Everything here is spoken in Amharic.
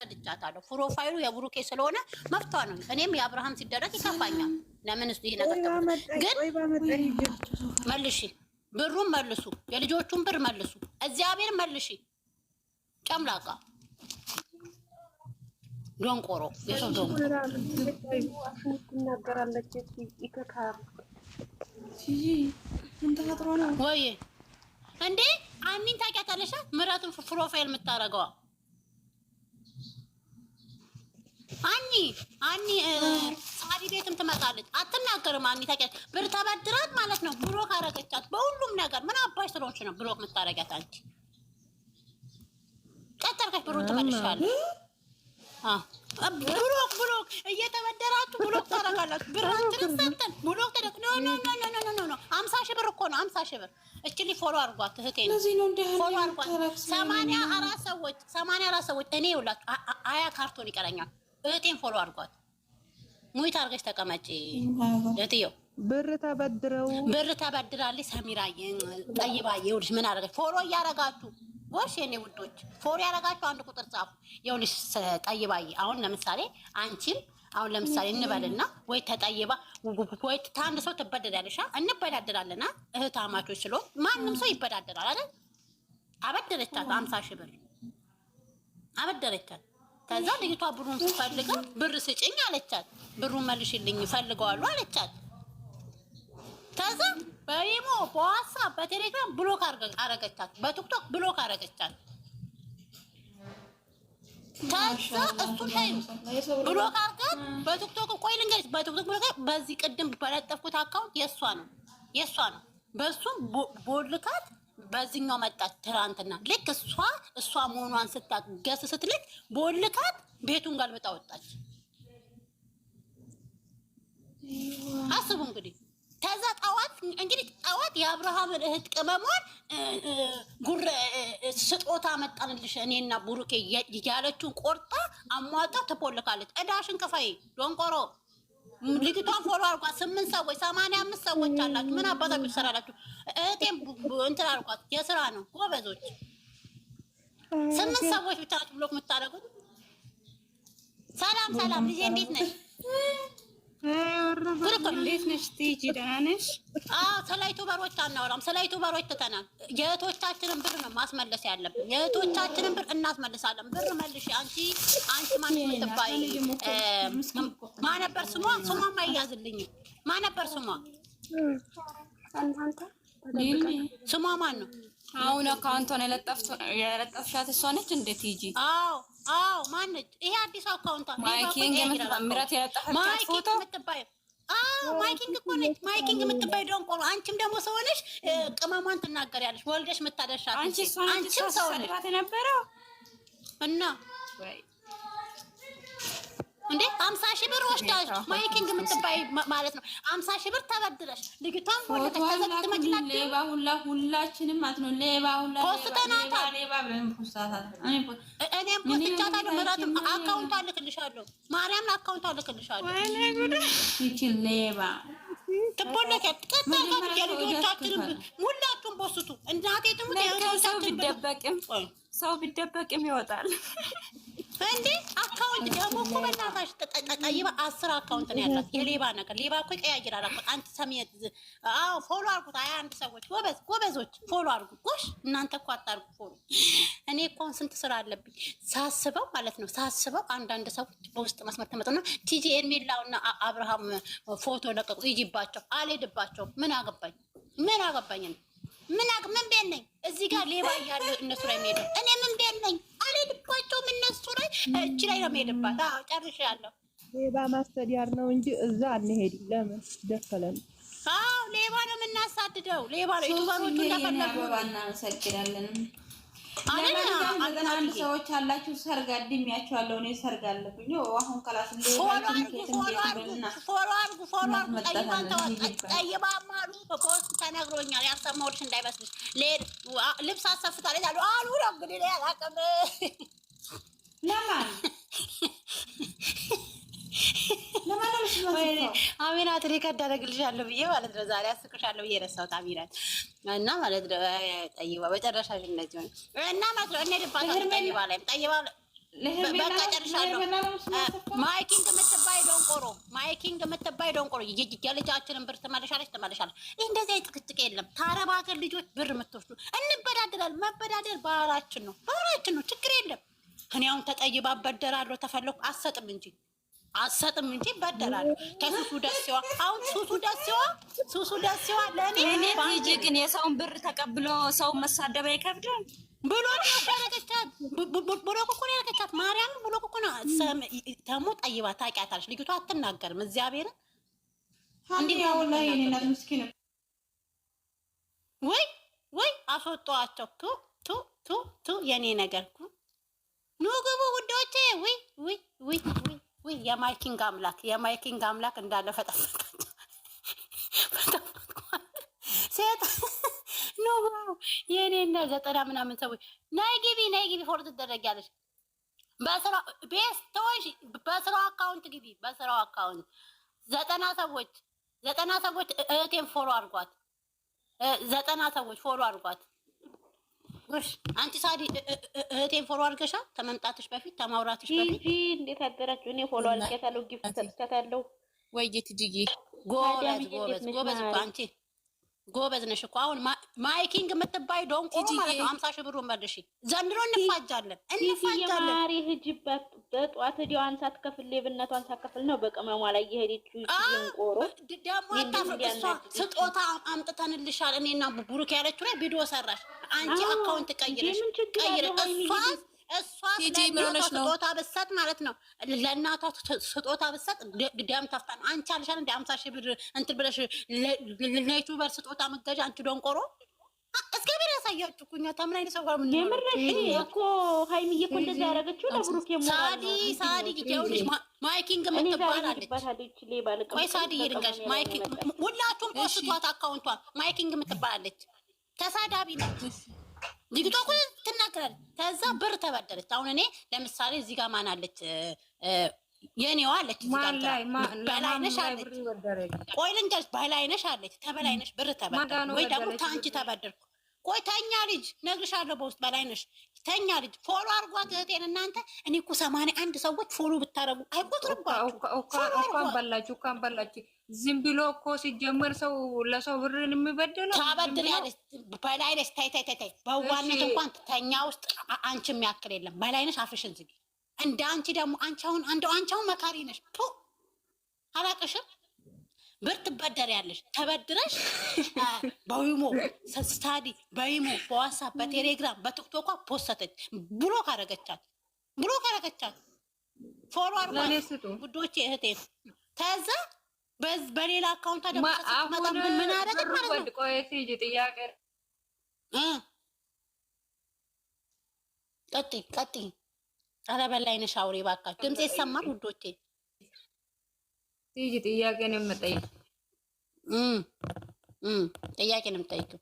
ቀድቻታለሁ። ፕሮፋይሉ የብሩኬ ስለሆነ መብቷ ነው። እኔም የአብርሃም ሲደረግ ይከፋኛል። ለምን ይህ ነገር ግን መልሺ፣ ብሩን መልሱ፣ የልጆቹን ብር መልሱ፣ እግዚአብሔር መልሺ። ጨምላቃ ዶንቆሮ የሰው ዶንቆሮ ወይ እንዴ አሚን ታውቂያታለሽ? ምረቱን ፕሮፋይል የምታደርገዋ አኒ ሳሪ ቤትም ትመጣለች፣ አትናገርም። አኒ ታውቂያለሽ፣ ብር ተበድራት ማለት ነው ብሎክ አረገቻት በሁሉም ነገር። ምን አባሽ ስለሆንሽ ነው ብሎክ የምታረጊያት አንቺ? ቀጠርካሽ፣ ብሩን ትመልሻለሽ። ብሎክ ብሎክ እየተበደራችሁ ብሎክ ታረጋላችሁ። ብራችንን ሰጠን ብሎክ ተደ ኖ አምሳ ሺህ ብር እኮ ነው። አምሳ ሺህ ብር እችሊ ፎሎ አርጓት እህቴ ነው ፎሎ አርጓት። ሰማንያ አራት ሰዎች ሰማንያ አራት ሰዎች እኔ ይውላችሁ ሀያ ካርቶን ይቀረኛል እህቴን ፎሎ አድርጓት። ሙይት አድርገሽ ተቀመጪ። እህትየው ብር ተበድረው ብር ተበድራለች። ሰሚራዬ ጠይባዬ፣ ይኸውልሽ ምን አደረገች። ፎሎ እያደረጋችሁ ጎሽ የኔ ውዶች፣ ፎሎ ያደረጋችሁ አንድ ቁጥር ጻፉ። ይኸውልሽ ጠይባዬ፣ አሁን ለምሳሌ አንቺም አሁን ለምሳሌ እንበልና ወይ ተጠይባ ወይ ታንድ ሰው ትበደዳለሽ። እንበዳደራለና እህታማቾች ስለሆን ማንም ሰው ይበዳደራል አይደል? አበደረቻት አምሳ ሺህ ብር አበደረቻት። ከዛ ልጅቷ ብሩን ፈልጋ ብር ስጭኝ አለቻት። ብሩን መልሽልኝ ፈልገዋሉ አለቻት። ከዛ በኢሞ በዋትሳፕ በቴሌግራም ብሎክ አረገቻት፣ በቲክቶክ ብሎክ አረገቻት። ከዛ እሱን ታዩ ብሎክ አርገት በቲክቶክ ቆይ ልንገርሽ፣ በቲክቶክ ብሎክ በዚህ ቅድም በለጠፍኩት አካውንት የእሷ ነው የእሷ ነው። በእሱም ቦልካት በዚህኛው መጣች ትናንትና። ልክ እሷ እሷ መሆኗን ስታገስ ገስ ስትልክ በወልካት ቤቱን ገልብጣ ወጣች። አስቡ እንግዲህ ከዛ ጠዋት እንግዲህ ጠዋት የአብርሃምን እህት ቅመሟን ጉረ ስጦታ መጣንልሽ እኔና ቡሩኬ ያለችውን ቆርጣ አሟጣ ትፖልካለች። እዳሽን ክፈይ ዶንቆሮ። ልጅቷን ፎሎ አርጓ። ስምንት ሰዎች ሰማንያ አምስት ሰዎች አላችሁ። ምን አባታችሁ ትሰራላችሁ? እህቴን እንትን አድርጓት የስራ ነው። ጎበዞች ስምንት ሰዎች ብቻ ናችሁ ብሎክ የምታደርጉት። ሰላም ሰላም፣ ልጄ እንዴት ነሽ? እንዴት ነሽ? ቲጂ ደህና ነሽ? አዎ፣ ስለ ዩቱበሮች አናወራም። ስለ ዩቱበሮች ትተናል። የእህቶቻችንን ብር ነው ማስመለስ ያለብን። የእህቶቻችንን ብር እናስመልሳለን። ብር መልሽ። አንቺ አንቺ ማን የምትባይ ማነበር ስሟ? ስሟ አይያዝልኝም። ማነበር ስሟ ስሟ ማን ነው? አሁን አካውንቷን የለጠፍሻት እሷ ነች። እንዴት ይጂ? አዎ አዎ፣ ማነች? ይሄ አዲስ አካውንቷ ማይኪንግ ምረት የለጠፈቻት ፎቶ ማይኪንግ እኮ ነች። ማይኪንግ የምትባይ ደንቆሮ። አንቺም ደግሞ ሰው ነሽ፣ ቅመሟን ትናገሪያለሽ፣ ወልደሽ የምታደርሻት አንቺም ሰው ነሽ እና እንዴ አምሳ ሺህ ብር ወስዳሽ ማይኪንግ የምትባይ ማለት ነው። አምሳ ሺህ ብር ተበድረሽ ልጅቷን ሌባ ሁላ ሁላችንም ማለት ነው። ሌባ ሁላ ፖስተናታል። እኔም ፖስትቻታለሁ። ምራቱም አካውንቷ ልክልሻለሁ። ማርያምን አካውንቷ ልክልሻለሁ። ይችል ሌባ ትቦለከ ቀጣል ልጆቻችንም ሁላችሁም ፖስቱ እናቴ ትሙት ሰው ቢደበቅም ሰው ቢደበቅም ይወጣል። እንዴ አካውንት ደግሞ እኮ በእናታሽ አስር አካውንት ነው ያላት። የሌባ ነገር ሌባ እኮ ይቀያይራል። አንድ ሰሜት አዎ፣ ፎሎ አይ አንድ ሰዎች ጎበዝ ጎበዞች ፎሎ ጎሽ እናንተ እኮ አታርጉ ፎሎ። እኔ እኮን ስንት ስራ አለብኝ ሳስበው ማለት ነው ሳስበው። አንዳንድ ሰዎች በውስጥ መስመር ተመጡና ቲጂ ኤርሜላውና አብርሃም ፎቶ ለቀቁ ይጂባቸው፣ ምን አገባኝ ምን አገባኝ ነው ምን ምን ቤት ነኝ እዚህ ጋር ሌባ እያለ እነሱ ላይ ሄደው እኔ እች ላይ ነው የምሄድባት። ጨርሻለሁ። ሌባ ማስተዳር ነው እንጂ እዛ አንሄድም። ለምን ደፈለን? አዎ ሌባ ነው የምናሳድደው። ሌባ ነው ዩቱበሮቹ እንደፈለጉ እናመሰግናለንም። አንድ ሰዎች አላችሁ ሰርግ አድሜያቸዋለሁ። እኔ ሰርግ አለብኝ አሁን ከላስ ፎሎ አድርጉ ፎሎ አድርጉ። ጠይባን ተዋጣ ጠይባም ተነግሮኛል። ያሰማሁልሽ እንዳይመስልሽ ልብስ አሰፍታለች አሉ አሉ ነው እንግዲህ አላውቅም አሚናት ሪከርድ አደርግልሻለሁ ብዬ ማለት ነው። ዛሬ አስቅሻለሁ ብዬ ረሳሁት። አሚናት እና ማለት ነው ጠይባ መጨረሻ እንደዚህ ሆነ እና ማለት ነው እኔ ድባታ ጠይባ ላይ ጠይባ በቃ ጨርሻለሁ። ማይኪንግ የምትባይ ዶንቆሮ ማይኪንግ የምትባይ ዶንቆሮ የልጃችንን ብር ትመለሻለች ትመለሻለች። ይህ እንደዚህ ጭቅጭቅ የለም። ታረብ ሀገር ልጆች ብር የምትወስዱ እንበዳደላል። መበዳደል ባህላችን ነው፣ ባህላችን ነው። ችግር የለም። እኔ አሁን ተጠይባ በደራለሁ ተፈለኩ አሰጥም እንጂ አሰጥም እንጂ በደላለሁ። ከሱሱ ደሴዋ አሁን ሱሱ ደሴዋ ሱሱ ደሴዋ ለእኔ ቲጂ ግን የሰውን ብር ተቀብሎ ሰውን መሳደብ አይከብድም ብሎ ብሎ እኮ ነው ያደረገቻት። ማርያም ብሎ እኮ ነው ተሞ ጠይባ ታውቂያታለሽ። ልጅቷ አትናገርም። እግዚአብሔርን ወይ ወይ አስወጣዋቸው ቱ ቱ ቱ ቱ የኔ ነገርኩ ኑ ግቡ ውዶቼ። ውይ ውይ ውይ ውይ! የማይኪንግ አምላክ የማይኪንግ አምላክ እንዳለ ፈጠፈጣቸው። ሴት ኑ የኔና ዘጠና ምናምን ሰዎች ናይ ግቢ ናይ ግቢ ፎር ትደረጊያለሽ። ቤስቶች በስራው አካውንት ግቢ፣ በስራው አካውንት ዘጠና ሰዎች ዘጠና ሰዎች እህቴን ፎሎ አድርጓት። ዘጠና ሰዎች ፎሎ አድርጓት። ጎሽ አንቺ ሳዲ እህቴን ፎሎ አድርገሻል? ከመምጣትሽ በፊት ተማውራትሽ በፊት እንዴት አደራችሁ? እኔ ፎሎ አድርጌታለሁ፣ ጊፍት ሰጥቻታለሁ። ጌት ትጅዬ ጎበዝ ጎበዝ ጎበዝ አንቺ ጎበዝ ነሽ እኮ አሁን ማይኪንግ የምትባይ ዶንቆ ማለት ነው። ሀምሳ ሺህ ብሩን መልሽ። ዘንድሮ እንፋጃለን እንፋጃለን። ማሪ ህጅባት በጠዋት ዲው አንሳት ከፍል ሌብነቷን ሳትከፍል ነው በቅመሟ ላይ የሄደች ዶንቆሮ። ደግሞ አታፍር እሷ። ስጦታ አምጥተንልሻል እኔና ቡሩክ ያለችው ላይ ቪዲዮ ሰራሽ አንቺ። አካውንት ቀይረሽ ቀይረ እሷ እሷ ስጦታ ብትሰጥ ማለት ነው ለእናቷ ስጦታ ብትሰጥ ግዳም ታፍጣን። አንቺ አልሻል እንደ ሀምሳ ሺህ ብር እንትን ብለሽ ለዩቱበር ስጦታ መገዣ አንቺ ደንቆሮ እስከ ያሳያችሁ እኮ እኛ አይነት ሰው ጋር ምን እኮ ሀይሚዬ እኮ እንደዛ ያደረገችው ለብሩክ የሞሳዲ ሳዲ ይኸውልሽ፣ ማይኪንግ የምትባላለች ወይ ሳዲ ይድንቀሽ። ማይኪንግ ሁላችሁም ፖስቷት አካውንቷን ማይኪንግ የምትባላለች ተሳዳቢ ነው። ልጅቷ ትናገራል። ከዛ ብር ተበደረች። አሁን እኔ ለምሳሌ እዚህ ጋር ማን አለች? የኔዋ አለች፣ በላይነሽ አለች። ቆይ ልንገርሽ፣ በላይነሽ አለች፣ ከበላይነሽ ብር ተበደርኩ ወይ ደግሞ ከአንቺ ተበደርኩ ቆይ ተኛ ልጅ ነግርሻለሁ። በውስጥ በላይ ነሽ ተኛ ልጅ ፎሎ አድርጓት እህቴን። እናንተ እኔ እኮ ሰማንያ አንድ ሰዎች ፎሎ ብታደረጉ አይቆጥርባችሁ። እንኳን በላችሁ እንኳን በላችሁ። ዝም ብሎ እኮ ሲጀምር ሰው ለሰው ብርን የሚበደለው ታበድን ያለች በላይ ነሽ። ታይ ታይ ታይ፣ በዋነት እንኳን ተኛ ውስጥ አንቺ የሚያክል የለም። በላይ ነሽ። አፍሽን ዝጊ። እንደ አንቺ ደግሞ አንቺ አሁን አንቺ አሁን መካሪ ነሽ። አላቅሽም ብር ትበደሪያለሽ። ተበድረሽ በዊሞ ስታዲ በዊሞ በዋትሳፕ በቴሌግራም በቲክቶኳ ፖስተች ብሎ ካረገቻት ብሎ ካረገቻት ፎርዋር ጉዶቼ እህቴ ከዛ በሌላ አካውንታ ደግሞ መጠብን ምን አረገች ማለት ነው። ቀጥይ ቀጥይ። ኧረ በላይነሽ አውሬ ባካችሁ ድምፅ ይሰማል ውዶቼ። ጥያቄ ነው የምጠይቅ ጥያቄ ነው የምጠይቀው